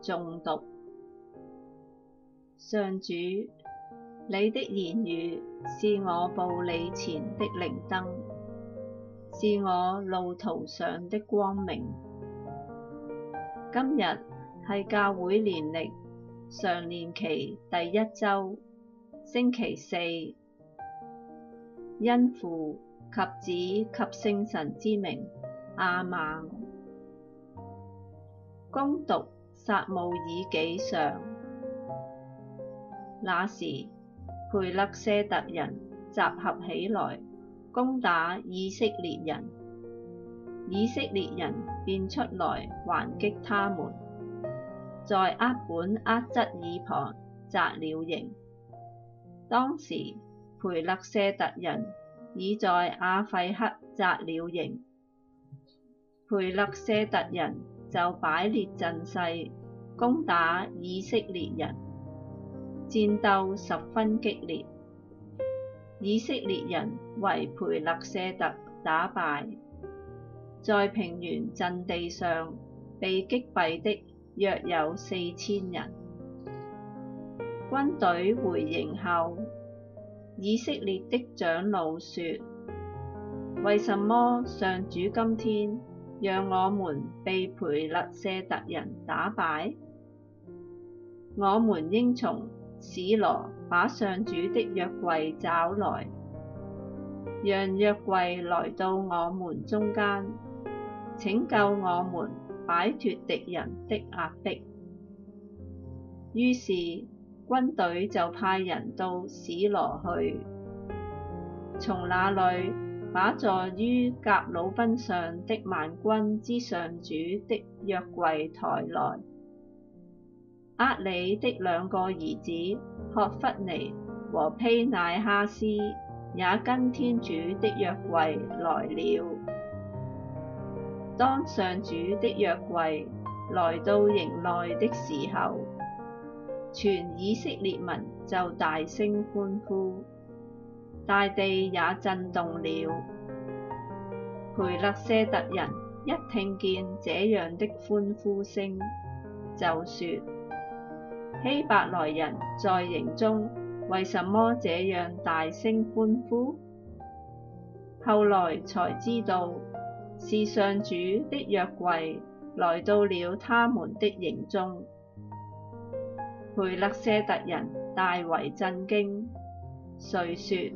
中毒。上主，你的言語是我步你前的靈燈，是我路途上的光明。今日係教會年曆常年期第一週，星期四，因父及子及聖神之名，阿們。恭讀。撒慕爾紀上，那時培肋舍特人集合起來攻打以色列人，以色列人便出來還擊他們，在厄本厄則爾旁紮了營。當時培肋舍特人已在阿費克紮了營。培肋舍特人，就擺列陣勢攻打以色列人，戰鬥十分激烈。以色列人為培肋舍特打敗，在平原陣地上被擊斃的約有四千人。軍隊回營後，以色列的長老說：為什麼上主今天讓我們被培肋舍特人打敗，我們應從史羅把上主的約櫃找來，讓約櫃來到我們中間，拯救我們擺脫敵人的壓迫。於是軍隊就派人到史羅去，從那裏。把坐於革魯賓上的萬軍之上主的約櫃抬來，厄里的兩個兒子曷弗尼和丕乃哈斯也跟天主的約櫃來了。當上主的約櫃來到營內的時候，全以色列民就大聲歡呼。大地也震動了。培肋舍特人一聽見這樣的歡呼聲，就説：希伯來人在營中為什麼這樣大聲歡呼？後來才知道是上主的約櫃來到了他們的營中。培肋舍特人大為震驚，遂説：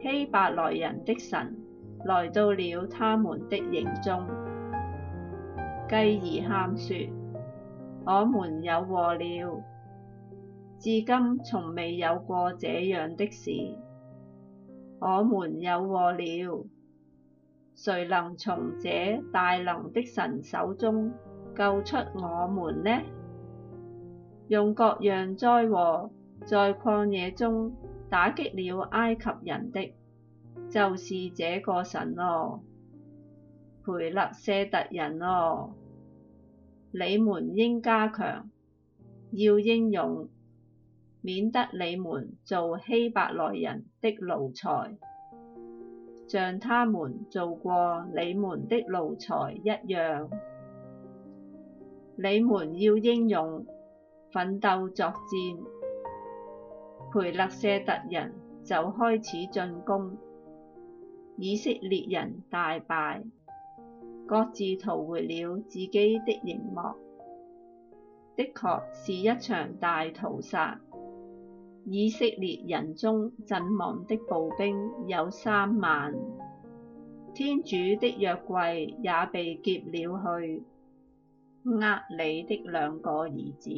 希伯來人的神來到了他們的營中，繼而喊說：「我們有禍了，至今從未有過這樣的事。我們有禍了，誰能從這大能的神手中救出我們呢？用各樣災禍在曠野中。」打擊了埃及人的，就是這個神咯、哦，培肋舍特人咯、哦，你們應加強，要英勇，免得你們做希伯來人的奴才，像他們做過你們的奴才一樣。你們要英勇，奮鬥作戰。培肋舍特人就開始進攻，以色列人大敗，各自逃回了自己的營幕。的確是一場大屠殺，以色列人中陣亡的步兵有三萬，天主的約櫃也被劫了去。厄里的兩個兒子，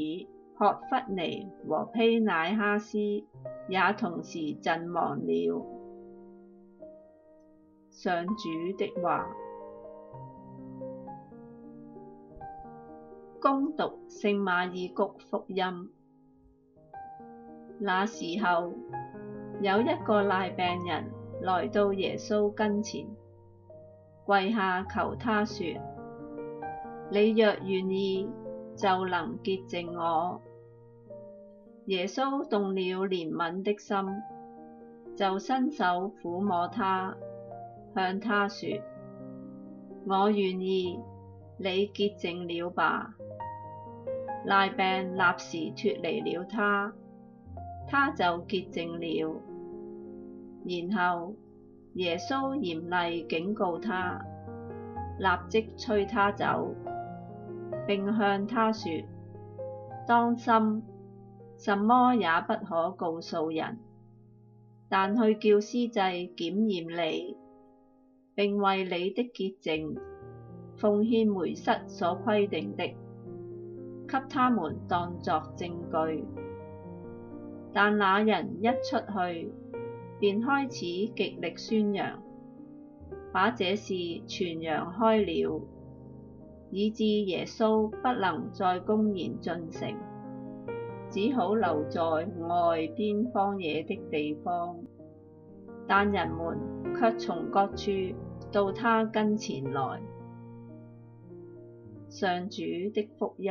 曷弗尼和丕乃哈斯也同時陣亡了。上主的話。恭讀聖馬爾谷福音。那時候，有一個癩病人來到耶穌跟前，跪下求他說：你若願意，就能潔淨我。耶穌動了憐憫的心，就伸手撫摸他，向他說：「我願意，你潔淨了吧。」癩病立時脫離了他，他就潔淨了。然後耶穌嚴厲警告他，立即催他走，並向他說：「當心！」什麼也不可告訴人，但去叫司祭檢驗你，並為你的潔淨，奉獻梅瑟所規定的，給他們當作證據。但那人一出去，便開始極力宣揚，把這事傳揚開了，以致耶穌不能再公然進城。只好留在外邊荒野的地方，但人們卻從各處到他跟前來。上主的福音。